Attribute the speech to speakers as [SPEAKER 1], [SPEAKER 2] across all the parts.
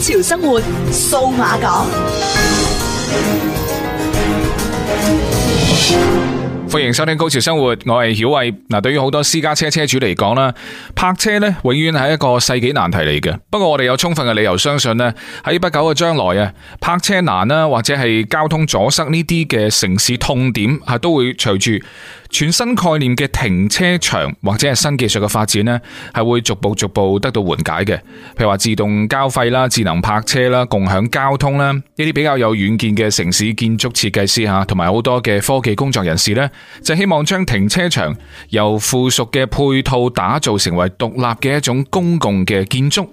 [SPEAKER 1] 高潮生活數碼港，歡迎收聽《高潮生活》，我係曉慧。嗱，對於好多私家車車主嚟講啦，泊車呢永遠係一個世紀難題嚟嘅。不過我哋有充分嘅理由相信呢，喺不久嘅將來啊，泊車難啦，或者係交通阻塞呢啲嘅城市痛點，係都會隨住。全新概念嘅停車場或者係新技術嘅發展呢，係會逐步逐步得到緩解嘅。譬如話自動交費啦、智能泊車啦、共享交通啦，呢啲比較有遠見嘅城市建築設計師吓，同埋好多嘅科技工作人士呢，就希望將停車場由附屬嘅配套打造成為獨立嘅一種公共嘅建築。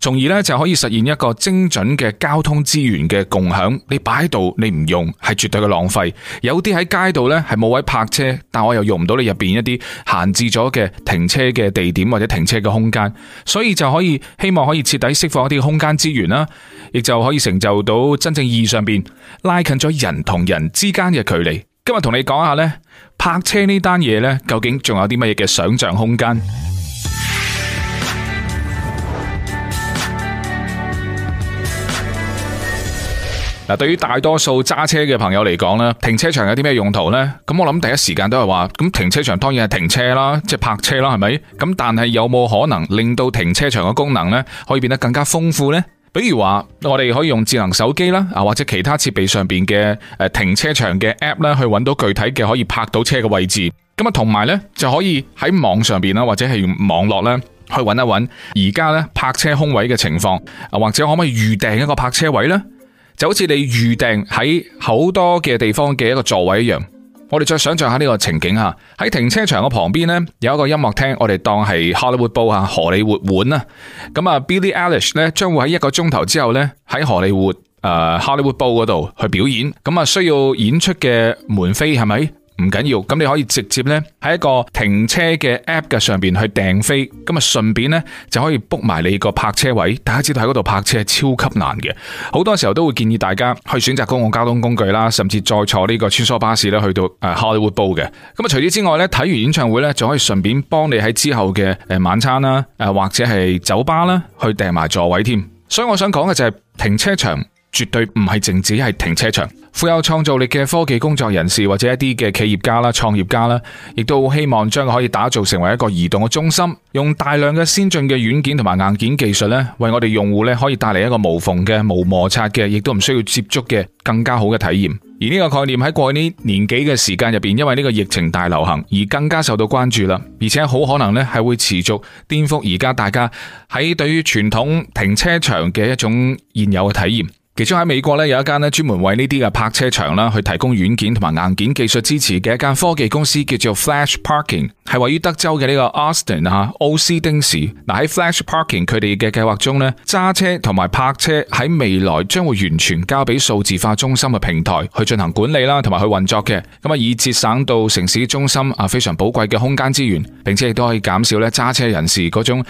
[SPEAKER 1] 從而咧，就可以實現一個精準嘅交通資源嘅共享你擺。你擺喺度，你唔用係絕對嘅浪費。有啲喺街度咧，係冇位泊車，但我又用唔到你入邊一啲限製咗嘅停車嘅地點或者停車嘅空間，所以就可以希望可以徹底釋放一啲空間資源啦，亦就可以成就到真正意義上邊拉近咗人同人之間嘅距離。今日同你講下呢，泊車呢單嘢呢，究竟仲有啲乜嘢嘅想象空間？嗱，對於大多數揸車嘅朋友嚟講咧，停車場有啲咩用途呢？咁我諗第一時間都係話，咁停車場當然係停車啦，即係泊車啦，係咪？咁但係有冇可能令到停車場嘅功能咧，可以變得更加豐富呢？比如話我哋可以用智能手機啦，啊或者其他設備上邊嘅誒停車場嘅 app 咧，去揾到具體嘅可以泊到車嘅位置。咁啊，同埋呢，就可以喺網上邊啦，或者係用網絡咧去揾一揾而家呢泊車空位嘅情況，或者可唔可以預訂一個泊車位呢？就好似你預訂喺好多嘅地方嘅一個座位一樣，我哋再想象下呢個情景吓，喺停車場嘅旁邊呢，有一個音樂廳，我哋當係 Hollywood Bowl 啊，荷里活碗，啊， 咁啊 Billy Eilish 咧將會喺一個鐘頭之後呢，喺荷里活誒、呃、Hollywood Bowl 嗰度去表演，咁啊需要演出嘅門飛係咪？是唔緊要，咁你可以直接呢喺一個停車嘅 app 嘅上邊去訂飛，咁啊順便呢就可以 book 埋你個泊車位。大家知道喺嗰度泊車係超級難嘅，好多時候都會建議大家去選擇公共交通工具啦，甚至再坐呢個穿梭巴士咧去到誒 Hollywood Bowl 嘅。咁啊，除此之外呢，睇完演唱會呢仲可以順便幫你喺之後嘅晚餐啦，或者係酒吧啦去訂埋座位添。所以我想講嘅就係停車場絕對唔係淨止係停車場。富有創造力嘅科技工作人士或者一啲嘅企業家啦、創業家啦，亦都希望將佢可以打造成為一個移動嘅中心，用大量嘅先進嘅軟件同埋硬件技術咧，為我哋用戶咧可以帶嚟一個無縫嘅、無摩擦嘅，亦都唔需要接觸嘅更加好嘅體驗。而呢個概念喺過去呢年幾嘅時間入邊，因為呢個疫情大流行而更加受到關注啦，而且好可能咧係會持續顛覆而家大家喺對於傳統停車場嘅一種現有嘅體驗。其中喺美國咧有一間咧專門為呢啲嘅泊車場啦去提供軟件同埋硬件技術支持嘅一間科技公司叫做 Flash Parking，係位於德州嘅呢個 Austin 啊奧斯丁市。嗱，喺 Flash Parking 佢哋嘅計劃中咧揸車同埋泊車喺未來將會完全交俾數字化中心嘅平台去進行管理啦，同埋去運作嘅。咁啊，以節省到城市中心啊非常寶貴嘅空間資源，並且亦都可以減少咧揸車人士嗰種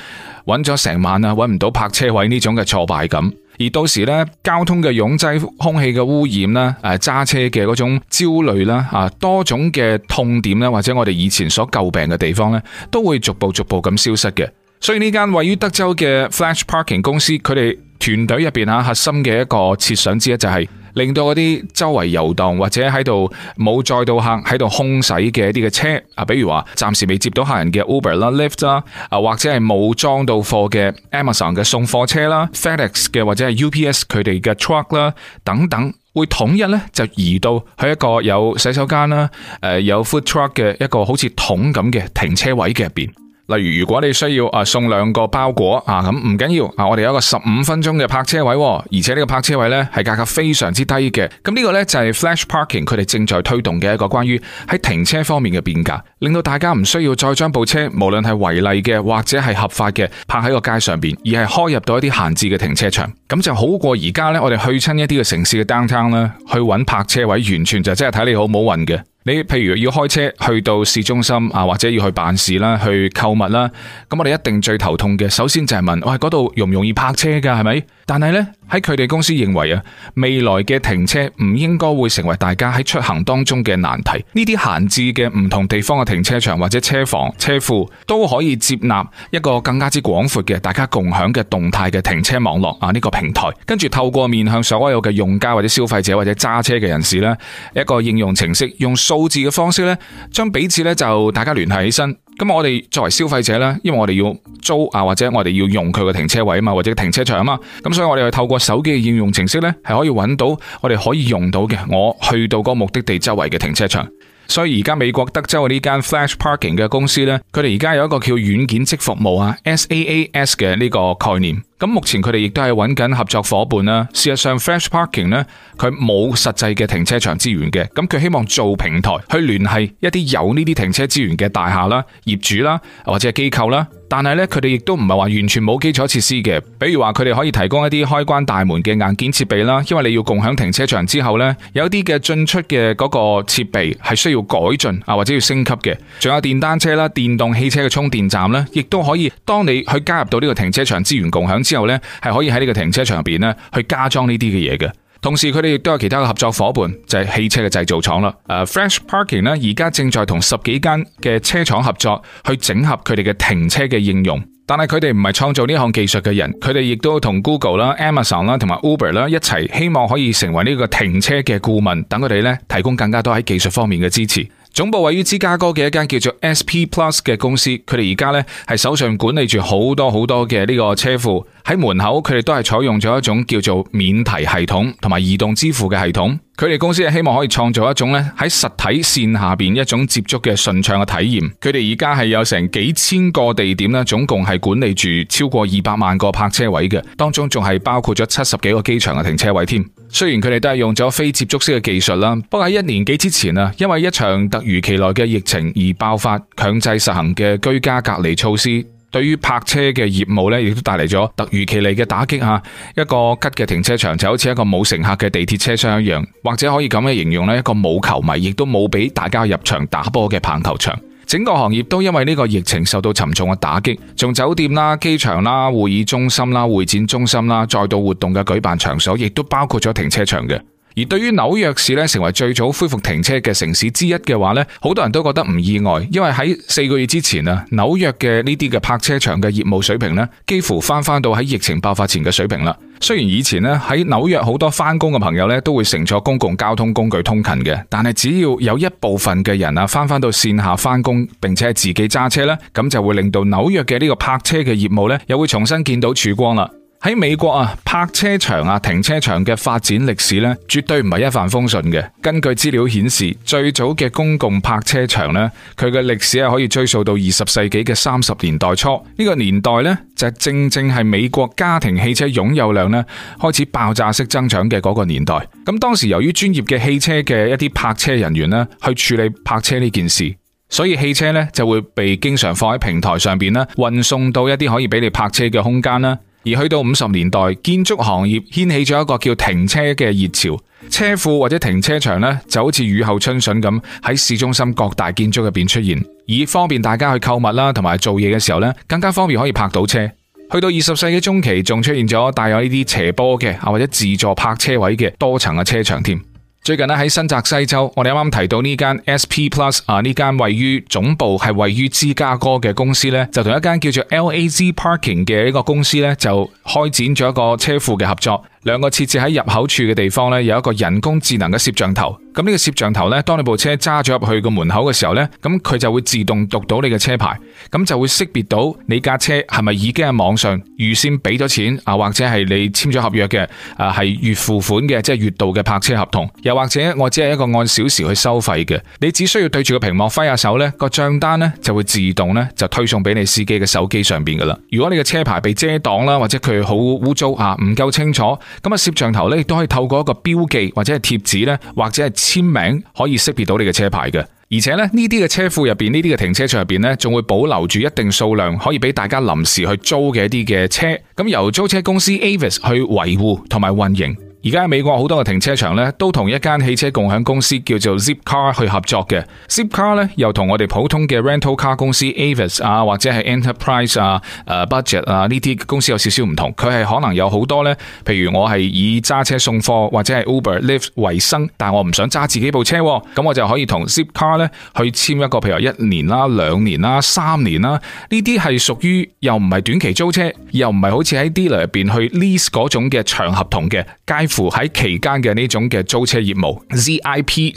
[SPEAKER 1] 揾咗成晚啊揾唔到泊車位呢種嘅挫敗感。而到時咧，交通嘅擁擠、空氣嘅污染啦，誒揸車嘅嗰種焦慮啦，啊多種嘅痛點咧，或者我哋以前所詬病嘅地方咧，都會逐步逐步咁消失嘅。所以呢間位於德州嘅 Flash Parking 公司，佢哋團隊入邊啊，核心嘅一個設想之一就係、是。令到嗰啲周圍遊蕩或者喺度冇載到客喺度空洗嘅一啲嘅車啊，比如話暫時未接到客人嘅 Uber 啦、Lyft 啦啊，或者係冇裝到貨嘅 Amazon 嘅送貨車啦、FedEx 嘅或者係 UPS 佢哋嘅 truck 啦等等，會統一呢就移到去一個有洗手間啦、誒有 food truck 嘅一個好似桶咁嘅停車位嘅入邊。例如如果你需要啊送兩個包裹啊咁唔緊要啊我哋有一個十五分鐘嘅泊車位，而且呢個泊車位呢係價格非常之低嘅。咁呢個呢，就係 Flash Parking 佢哋正在推動嘅一個關於喺停車方面嘅變革，令到大家唔需要再將部車無論係違例嘅或者係合法嘅泊喺個街上邊，而係開入到一啲閒置嘅停車場。咁就好過而家呢，我哋去親一啲嘅城市嘅 downtown 啦，down, 去揾泊車位完全就真係睇你好唔好運嘅。你譬如要開車去到市中心啊，或者要去辦事啦、去購物啦，咁我哋一定最頭痛嘅，首先就係問，我喺嗰度容唔容易泊車㗎，係咪？但係咧。喺佢哋公司認為啊，未來嘅停車唔應該會成為大家喺出行當中嘅難題。呢啲閒置嘅唔同地方嘅停車場或者車房、車庫都可以接納一個更加之廣闊嘅大家共享嘅動態嘅停車網絡啊！呢個平台，跟住透過面向所有嘅用家或者消費者或者揸車嘅人士，呢一個應用程式，用數字嘅方式呢將彼此呢就大家聯繫起身。咁我哋作為消費者咧，因為我哋要租啊，或者我哋要用佢嘅停車位啊嘛，或者停車場啊嘛，咁所以我哋係透過手機嘅應用程式呢，係可以揾到我哋可以用到嘅，我去到個目的地周圍嘅停車場。所以而家美國德州呢間 Flash Parking 嘅公司呢，佢哋而家有一個叫軟件即服務啊 SaaS 嘅呢個概念。咁目前佢哋亦都係揾緊合作伙伴啦。事實上 Fresh Parking 咧，佢冇實際嘅停車場資源嘅。咁佢希望做平台去聯繫一啲有呢啲停車資源嘅大廈啦、業主啦或者係機構啦。但係咧，佢哋亦都唔係話完全冇基礎設施嘅。比如話，佢哋可以提供一啲開關大門嘅硬件設備啦，因為你要共享停車場之後咧，有啲嘅進出嘅嗰個設備係需要改進啊或者要升級嘅。仲有電單車啦、電動汽車嘅充電站咧，亦都可以當你去加入到呢個停車場資源共享。之後咧，係可以喺呢個停車場入邊咧去加裝呢啲嘅嘢嘅。同時佢哋亦都有其他嘅合作伙伴，就係、是、汽車嘅製造廠啦。誒、uh, Fresh Parking 呢，而家正在同十幾間嘅車廠合作，去整合佢哋嘅停車嘅應用。但係佢哋唔係創造呢項技術嘅人，佢哋亦都同 Google 啦、Amazon 啦同埋 Uber 啦一齊，希望可以成為呢個停車嘅顧問，等佢哋咧提供更加多喺技術方面嘅支持。總部位於芝加哥嘅一間叫做 SP Plus 嘅公司，佢哋而家咧係手上管理住好多好多嘅呢個車庫。喺門口，佢哋都係採用咗一種叫做免提系統同埋移動支付嘅系統。佢哋公司係希望可以創造一種咧喺實體線下邊一種接觸嘅順暢嘅體驗。佢哋而家係有成幾千個地點咧，總共係管理住超過二百萬個泊車位嘅，當中仲係包括咗七十幾個機場嘅停車位添。雖然佢哋都係用咗非接觸式嘅技術啦，不過喺一年幾之前啊，因為一場突如其來嘅疫情而爆發強制實行嘅居家隔離措施。對於泊車嘅業務咧，亦都帶嚟咗突如其來嘅打擊吓，一個吉嘅停車場就好似一個冇乘客嘅地鐵車廂一樣，或者可以咁樣形容呢，一個冇球迷亦都冇俾大家入場打波嘅棒球場。整個行業都因為呢個疫情受到沉重嘅打擊，從酒店啦、機場啦、會議中心啦、會展中心啦，再到活動嘅舉辦場所，亦都包括咗停車場嘅。而對於紐約市咧，成為最早恢復停車嘅城市之一嘅話咧，好多人都覺得唔意外，因為喺四個月之前啊，紐約嘅呢啲嘅泊車場嘅業務水平咧，幾乎翻翻到喺疫情爆發前嘅水平啦。雖然以前咧喺紐約好多翻工嘅朋友咧都會乘坐公共交通工具通勤嘅，但係只要有一部分嘅人啊翻翻到線下翻工並且係自己揸車咧，咁就會令到紐約嘅呢個泊車嘅業務咧又會重新見到曙光啦。喺美國啊，泊車場啊，停車場嘅發展歷史呢，絕對唔係一帆風順嘅。根據資料顯示，最早嘅公共泊車場呢，佢嘅歷史係可以追溯到二十世紀嘅三十年代初。呢個年代呢，就正正係美國家庭汽車擁有量呢開始爆炸式增長嘅嗰個年代。咁當時由於專業嘅汽車嘅一啲泊車人員呢去處理泊車呢件事，所以汽車呢就會被經常放喺平台上邊呢運送到一啲可以俾你泊車嘅空間啦。而去到五十年代，建築行業掀起咗一個叫停車嘅熱潮，車庫或者停車場呢，就好似雨後春筍咁喺市中心各大建築入邊出現，以方便大家去購物啦，同埋做嘢嘅時候呢，更加方便可以泊到車。去到二十世紀中期，仲出現咗帶有呢啲斜坡嘅啊，或者自助泊車位嘅多層嘅車場添。最近咧，喺新澤西州，我哋啱啱提到呢間 SP Plus 啊，呢間位於總部係位於芝加哥嘅公司咧，就同一間叫做 LAZ Parking 嘅一個公司咧，就開展咗一個車庫嘅合作。兩個設置喺入口處嘅地方呢，有一個人工智能嘅攝像頭。咁呢個攝像頭呢，當你部車揸咗入去個門口嘅時候呢，咁佢就會自動讀到你嘅車牌，咁就會識別到你架車係咪已經喺網上預先俾咗錢啊，或者係你簽咗合約嘅，誒係月付款嘅，即係月度嘅泊車合同，又或者我只係一個按小時去收費嘅，你只需要對住個屏幕揮下手呢，個賬單呢，就會自動呢就推送俾你司機嘅手機上邊噶啦。如果你嘅車牌被遮擋啦，或者佢好污糟啊，唔夠清楚。咁啊，攝像頭咧都可以透過一個標記或者係貼紙咧，或者係簽名，可以識別到你嘅車牌嘅。而且咧，呢啲嘅車庫入邊，呢啲嘅停車場入邊咧，仲會保留住一定數量可以俾大家臨時去租嘅一啲嘅車。咁由租車公司 Avis 去維護同埋運營。而家喺美國好多嘅停車場咧，都同一間汽車共享公司叫做 Zipcar 去合作嘅。Zipcar 咧又同我哋普通嘅 rental car 公司 Avis 啊，或者係 Enterprise 啊、誒 Budget 啊呢啲公司有少少唔同。佢係可能有好多咧，譬如我係以揸車送貨或者係 Uber、Lyft 為生，但係我唔想揸自己部車，咁我就可以同 Zipcar 咧去簽一個譬如一年啦、兩年啦、三年啦呢啲係屬於又唔係短期租車，又唔係好似喺 dealer 入邊去 lease 嗰種嘅長合同嘅。介乎喺期間嘅呢種嘅租車業務，ZIP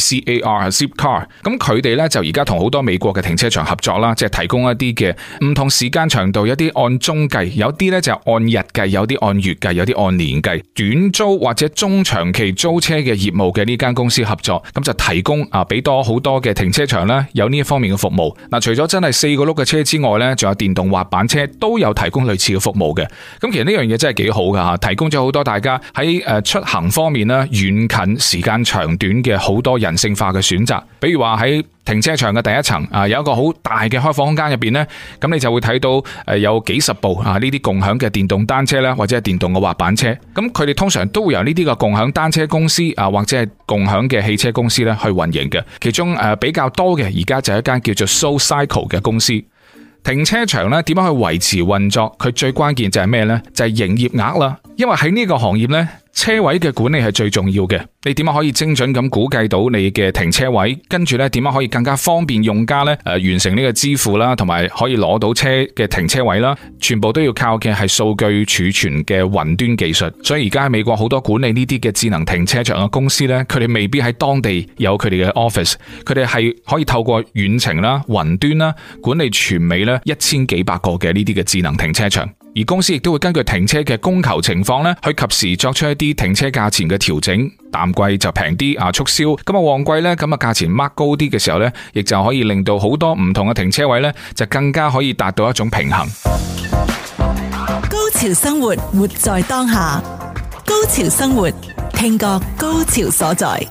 [SPEAKER 1] CAR，咁佢哋呢就而家同好多美國嘅停車場合作啦，即係提供一啲嘅唔同時間長度，有啲按鐘計，有啲呢就係按日計，有啲按月計，有啲按年計，短租或者中長期租車嘅業務嘅呢間公司合作，咁就提供啊俾多好多嘅停車場啦。有呢一方面嘅服務。嗱，除咗真係四個轆嘅車之外呢，仲有電動滑板車都有提供類似嘅服務嘅。咁其實呢樣嘢真係幾好噶嚇，提供咗好多大家喺誒。呃出行方面咧，遠近時間長短嘅好多人性化嘅選擇，比如話喺停車場嘅第一層啊，有一個好大嘅開放空間入邊咧，咁你就會睇到誒有幾十部啊呢啲共享嘅電動單車咧，或者係電動嘅滑板車。咁佢哋通常都會由呢啲個共享單車公司啊，或者係共享嘅汽車公司咧去運營嘅。其中誒比較多嘅而家就係一間叫做 Soul Cycle 嘅公司。停車場咧點樣去維持運作？佢最關鍵就係咩呢？就係、是、營業額啦，因為喺呢個行業呢。車位嘅管理係最重要嘅，你點樣可以精準咁估計到你嘅停車位？跟住呢，點樣可以更加方便用家呢？誒、呃，完成呢個支付啦，同埋可以攞到車嘅停車位啦，全部都要靠嘅係數據儲存嘅雲端技術。所以而家喺美國好多管理呢啲嘅智能停車場嘅公司呢，佢哋未必喺當地有佢哋嘅 office，佢哋係可以透過遠程啦、雲端啦，管理全美咧一千幾百個嘅呢啲嘅智能停車場。而公司亦都會根據停車嘅供求情況咧，去及時作出一啲停車價錢嘅調整，淡季就平啲啊，促銷，咁啊旺季咧，咁啊價錢 mark 高啲嘅時候咧，亦就可以令到好多唔同嘅停車位咧，就更加可以達到一種平衡。高潮生活，活在當下；高潮生活，聽覺高潮所在。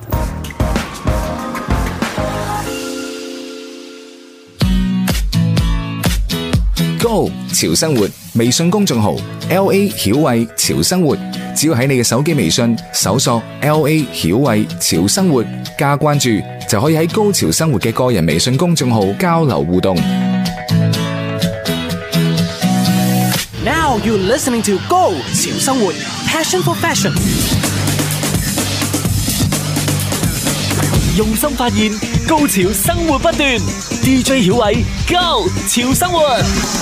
[SPEAKER 1] 潮生活微信公眾號 L A 曉慧潮生活，只要喺你嘅手機微信搜索 L A 曉慧潮生活加關注，就可以喺高潮生活嘅個人微信公眾號交流互動。Now you're listening to Go 潮生活，Passion for fashion，用心發現，高潮生活不斷。DJ 曉慧，Go 潮生活。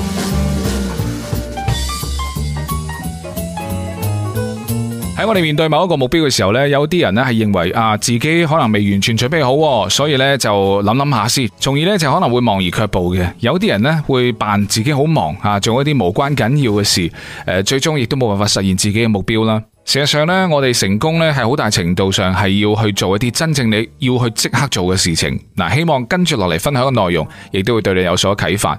[SPEAKER 1] 喺我哋面對某一個目標嘅時候呢，有啲人咧係認為啊，自己可能未完全準備好，所以呢就諗諗下先，從而呢，就可能會望而卻步嘅。有啲人呢，會扮自己好忙啊，做一啲無關緊要嘅事，啊，最終亦都冇辦法實現自己嘅目標啦。事實上呢，我哋成功呢係好大程度上係要去做一啲真正你要去即刻做嘅事情。嗱，希望跟住落嚟分享嘅內容，亦都會對你有所啟發。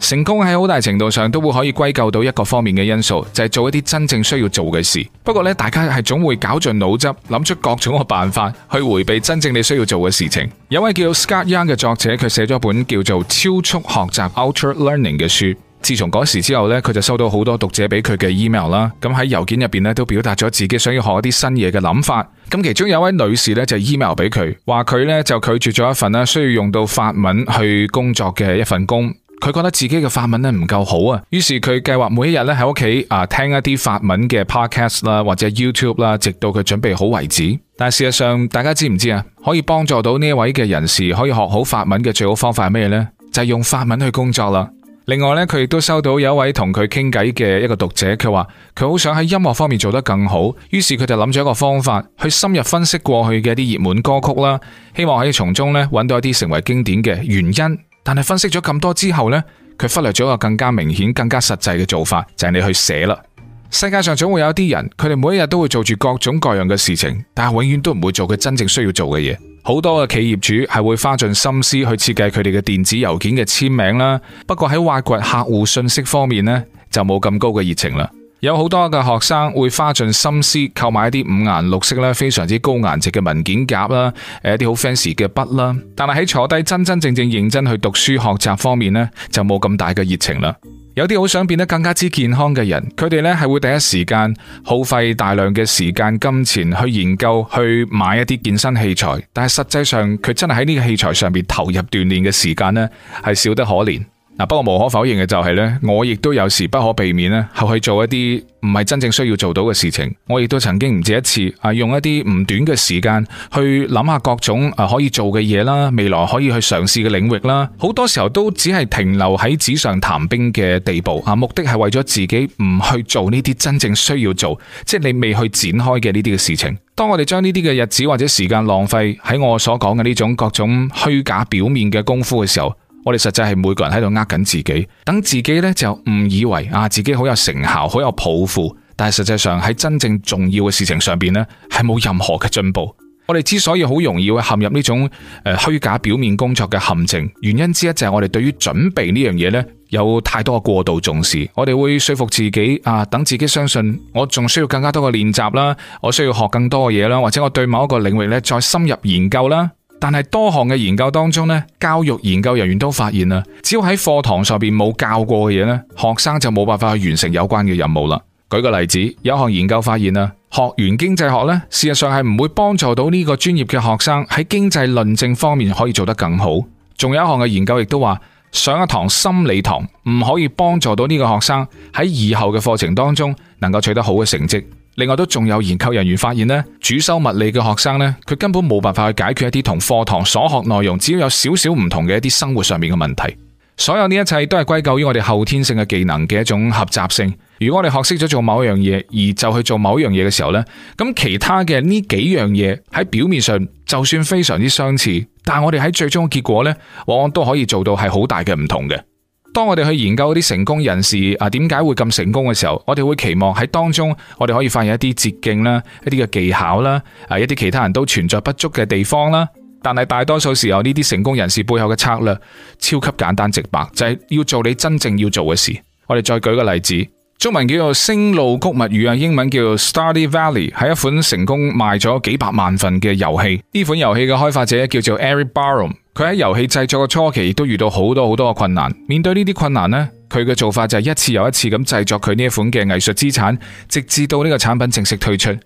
[SPEAKER 1] 成功喺好大程度上都會可以歸咎到一個方面嘅因素，就係做一啲真正需要做嘅事。不過咧，大家係總會搞盡腦汁諗出各種嘅辦法去回避真正你需要做嘅事情。有位叫 Scott Young 嘅作者，佢寫咗本叫做《超速學習》（Ultra Learning） 嘅書。自從嗰時之後咧，佢就收到好多讀者俾佢嘅 email 啦。咁喺郵件入邊咧，都表達咗自己想要學一啲新嘢嘅諗法。咁其中有位女士咧就 email 俾佢，話佢咧就拒絕咗一份咧需要用到法文去工作嘅一份工。佢覺得自己嘅法文呢唔夠好啊，於是佢計劃每一日呢喺屋企啊聽一啲法文嘅 podcast 啦，或者 YouTube 啦，直到佢準備好為止。但事實上，大家知唔知啊？可以幫助到呢一位嘅人士可以學好法文嘅最好方法係咩呢？就係用法文去工作啦。另外呢，佢亦都收到有一位同佢傾偈嘅一個讀者，佢話佢好想喺音樂方面做得更好，於是佢就諗咗一個方法去深入分析過去嘅一啲熱門歌曲啦，希望可以從中呢揾到一啲成為經典嘅原因。但係分析咗咁多之後呢，佢忽略咗一個更加明顯、更加實際嘅做法，就係你去寫啦。世界上總會有一啲人，佢哋每一日都會做住各種各樣嘅事情，但係永遠都唔會做佢真正需要做嘅嘢。好多嘅企業主係會花盡心思去設計佢哋嘅電子郵件嘅簽名啦，不過喺挖掘客戶信息方面呢，就冇咁高嘅熱情啦。有好多嘅學生會花盡心思購買一啲五顏六色咧，非常之高顏值嘅文件夾啦，誒，一啲好 fancy 嘅筆啦，但係喺坐低真真正正認真去讀書學習方面呢，就冇咁大嘅熱情啦。有啲好想變得更加之健康嘅人，佢哋呢係會第一時間耗費大量嘅時間金錢去研究去買一啲健身器材，但係實際上佢真係喺呢個器材上面投入鍛煉嘅時間呢，係少得可憐。嗱，不過無可否認嘅就係呢，我亦都有時不可避免呢去去做一啲唔係真正需要做到嘅事情。我亦都曾經唔止一次啊，用一啲唔短嘅時間去諗下各種啊可以做嘅嘢啦，未來可以去嘗試嘅領域啦。好多時候都只係停留喺紙上談兵嘅地步啊，目的係為咗自己唔去做呢啲真正需要做，即係你未去展開嘅呢啲嘅事情。當我哋將呢啲嘅日子或者時間浪費喺我所講嘅呢種各種虛假表面嘅功夫嘅時候，我哋實際係每個人喺度呃緊自己，等自己咧就誤以為啊自己好有成效、好有抱負，但係實際上喺真正重要嘅事情上邊咧係冇任何嘅進步。我哋之所以好容易會陷入呢種誒虛假表面工作嘅陷阱，原因之一就係我哋對於準備呢樣嘢咧有太多過度重視。我哋會說服自己啊，等自己相信我仲需要更加多嘅練習啦，我需要學更多嘅嘢啦，或者我對某一個領域咧再深入研究啦。但係多項嘅研究當中咧，教育研究人員都發現啦，只要喺課堂上邊冇教過嘅嘢咧，學生就冇辦法去完成有關嘅任務啦。舉個例子，有一項研究發現啦，學完經濟學咧，事實上係唔會幫助到呢個專業嘅學生喺經濟論證方面可以做得更好。仲有一項嘅研究亦都話，上一堂心理堂唔可以幫助到呢個學生喺以後嘅課程當中能夠取得好嘅成績。另外都仲有研究人員發現咧，主修物理嘅學生咧，佢根本冇辦法去解決一啲同課堂所學內容只要有少少唔同嘅一啲生活上面嘅問題。所有呢一切都係歸咎於我哋後天性嘅技能嘅一種合集性。如果我哋學識咗做某一樣嘢，而就去做某一樣嘢嘅時候呢，咁其他嘅呢幾樣嘢喺表面上就算非常之相似，但係我哋喺最終嘅結果呢，往往都可以做到係好大嘅唔同嘅。當我哋去研究嗰啲成功人士啊，點解會咁成功嘅時候，我哋會期望喺當中，我哋可以發現一啲捷徑啦，一啲嘅技巧啦，啊，一啲其他人都存在不足嘅地方啦。但係大多數時候呢啲成功人士背後嘅策略，超級簡單直白，就係要做你真正要做嘅事。我哋再舉個例子。中文叫做《星露谷物語》啊，英文叫《Stardew Valley》，係一款成功賣咗幾百萬份嘅遊戲。呢款遊戲嘅開發者叫做 Eric Barum，佢喺遊戲製作嘅初期都遇到好多好多嘅困難。面對呢啲困難呢，佢嘅做法就係一次又一次咁製作佢呢一款嘅藝術資產，直至到呢個產品正式推出。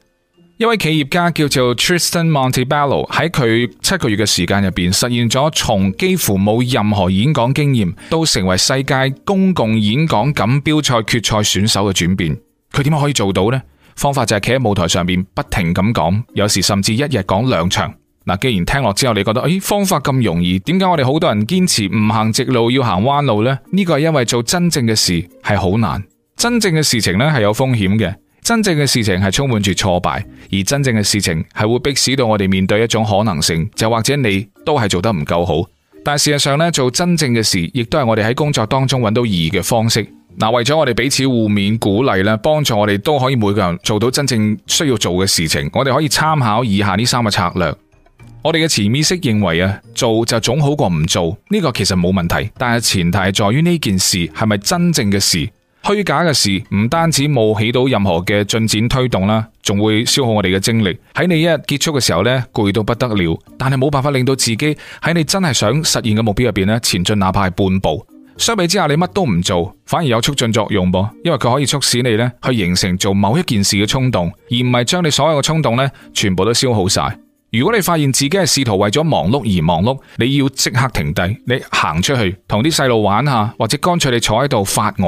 [SPEAKER 1] 一位企業家叫做 Tristan Montebello 喺佢七個月嘅時間入邊，實現咗從幾乎冇任何演講經驗，到成為世界公共演講錦標賽決賽選手嘅轉變。佢點可以做到呢？方法就係企喺舞台上邊不停咁講，有時甚至一日講兩場。嗱，既然聽落之後你覺得，誒、哎，方法咁容易，點解我哋好多人堅持唔行直路要行彎路呢？呢個係因為做真正嘅事係好難，真正嘅事情咧係有風險嘅。真正嘅事情係充滿住挫敗，而真正嘅事情係會迫使到我哋面對一種可能性，就或者你都係做得唔夠好。但事實上呢，做真正嘅事，亦都係我哋喺工作當中揾到意義嘅方式。嗱，為咗我哋彼此互勉鼓勵啦，幫助我哋都可以每個人做到真正需要做嘅事情。我哋可以參考以下呢三個策略。我哋嘅潛意識認為啊，做就總好過唔做，呢個其實冇問題，但係前提在於呢件事係咪真正嘅事。虛假嘅事唔單止冇起到任何嘅進展推動啦，仲會消耗我哋嘅精力。喺你一日結束嘅時候呢，攰到不得了。但係冇辦法令到自己喺你真係想實現嘅目標入邊呢，前進，哪怕係半步。相比之下，你乜都唔做，反而有促進作用噃，因為佢可以促使你呢去形成做某一件事嘅衝動，而唔係將你所有嘅衝動呢全部都消耗晒。如果你發現自己係試圖為咗忙碌而忙碌，你要即刻停低，你行出去同啲細路玩下，或者乾脆你坐喺度發呆，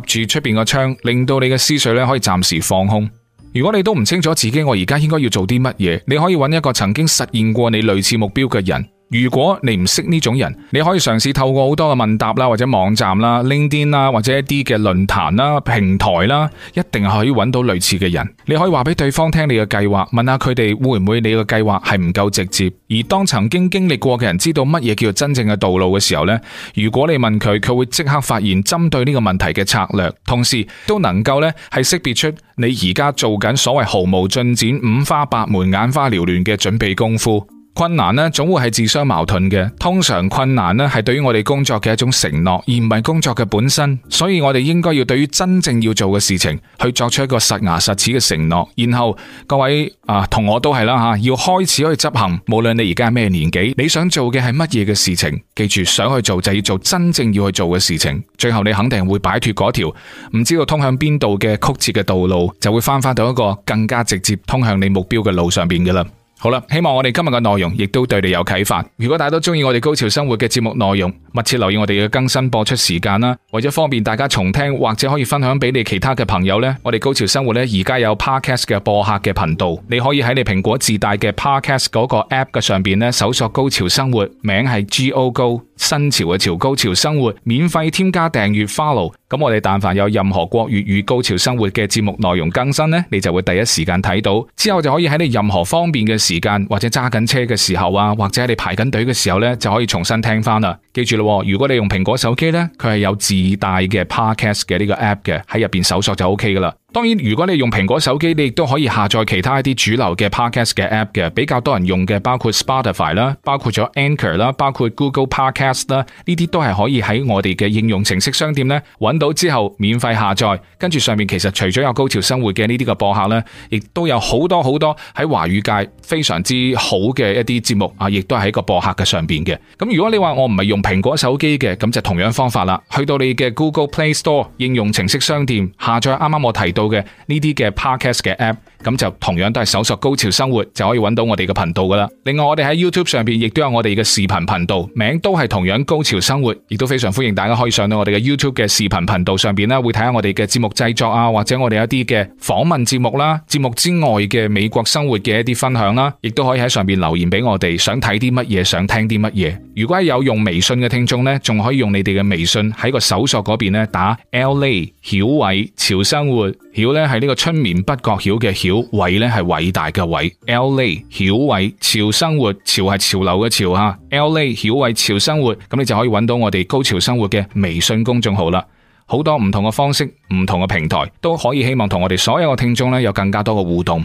[SPEAKER 1] 及住出邊個窗，令到你嘅思緒咧可以暫時放空。如果你都唔清楚自己我而家應該要做啲乜嘢，你可以揾一個曾經實現過你類似目標嘅人。如果你唔識呢種人，你可以嘗試透過好多嘅問答啦，或者網站啦、LinkedIn 啦，或者一啲嘅論壇啦、平台啦，一定可以揾到類似嘅人。你可以話俾對方聽你嘅計劃，問下佢哋會唔會你嘅計劃係唔夠直接。而當曾經經歷過嘅人知道乜嘢叫做真正嘅道路嘅時候呢，如果你問佢，佢會即刻發現針對呢個問題嘅策略，同時都能夠呢係識別出你而家做緊所謂毫無進展、五花八門、眼花繚亂嘅準備功夫。困難呢，總會係自相矛盾嘅。通常困難呢係對於我哋工作嘅一種承諾，而唔係工作嘅本身。所以我哋應該要對於真正要做嘅事情，去作出一個實牙實齒嘅承諾。然後各位啊，同我都係啦吓，要開始去執行。無論你而家係咩年紀，你想做嘅係乜嘢嘅事情，記住想去做就要做真正要去做嘅事情。最後你肯定會擺脫嗰條唔知道通向邊度嘅曲折嘅道路，就會翻翻到一個更加直接通向你目標嘅路上邊嘅啦。好啦，希望我哋今日嘅內容亦都對你有啟發。如果大家都中意我哋高潮生活嘅節目內容，密切留意我哋嘅更新播出時間啦。為咗方便大家重聽或者可以分享俾你其他嘅朋友呢，我哋高潮生活呢而家有 Podcast 嘅播客嘅頻道，你可以喺你蘋果自帶嘅 Podcast 嗰個 App 嘅上邊呢搜索高潮生活，名係 Gogo。新潮嘅潮高潮生活，免費添加訂閱 follow，咁我哋但凡有任何國粵語高潮生活嘅節目內容更新呢，你就會第一時間睇到，之後就可以喺你任何方便嘅時間，或者揸緊車嘅時候啊，或者你排緊隊嘅時候呢，就可以重新聽翻啦。記住咯，如果你用蘋果手機呢，佢係有自帶嘅 Podcast 嘅呢個 app 嘅，喺入邊搜索就 OK 噶啦。當然，如果你用蘋果手機，你亦都可以下載其他一啲主流嘅 Podcast 嘅 app 嘅，比較多人用嘅，包括 Spotify 啦，包括咗 Anchor 啦，包括 Google Podcast 啦，呢啲都係可以喺我哋嘅應用程式商店咧搵到之後免費下載。跟住上面其實除咗有高潮生活嘅呢啲個播客呢，亦都有好多好多喺華語界非常之好嘅一啲節目啊，亦都係喺個播客嘅上邊嘅。咁如果你話我唔係用，蘋果手機嘅，咁就同樣方法啦，去到你嘅 Google Play Store 應用程式商店下載啱啱我提到嘅呢啲嘅 Podcast 嘅 App，咁就同樣都係搜索高潮生活就可以揾到我哋嘅頻道噶啦。另外我哋喺 YouTube 上邊亦都有我哋嘅視頻頻道，名都係同樣高潮生活，亦都非常歡迎大家可以上到我哋嘅 YouTube 嘅視頻頻道上邊啦，會睇下我哋嘅節目製作啊，或者我哋一啲嘅訪問節目啦，節目之外嘅美國生活嘅一啲分享啦，亦都可以喺上邊留言俾我哋，想睇啲乜嘢，想聽啲乜嘢，如果有用微信。嘅聽眾呢，仲可以用你哋嘅微信喺個搜索嗰邊呢打 LA 曉偉潮生活曉呢係呢個春眠不覺曉嘅曉偉呢係偉大嘅偉 LA 曉偉潮生活潮係潮流嘅潮啊 LA 曉偉潮生活咁你就可以揾到我哋高潮生活嘅微信公眾號啦，好多唔同嘅方式唔同嘅平台都可以，希望同我哋所有嘅聽眾呢有更加多嘅互動。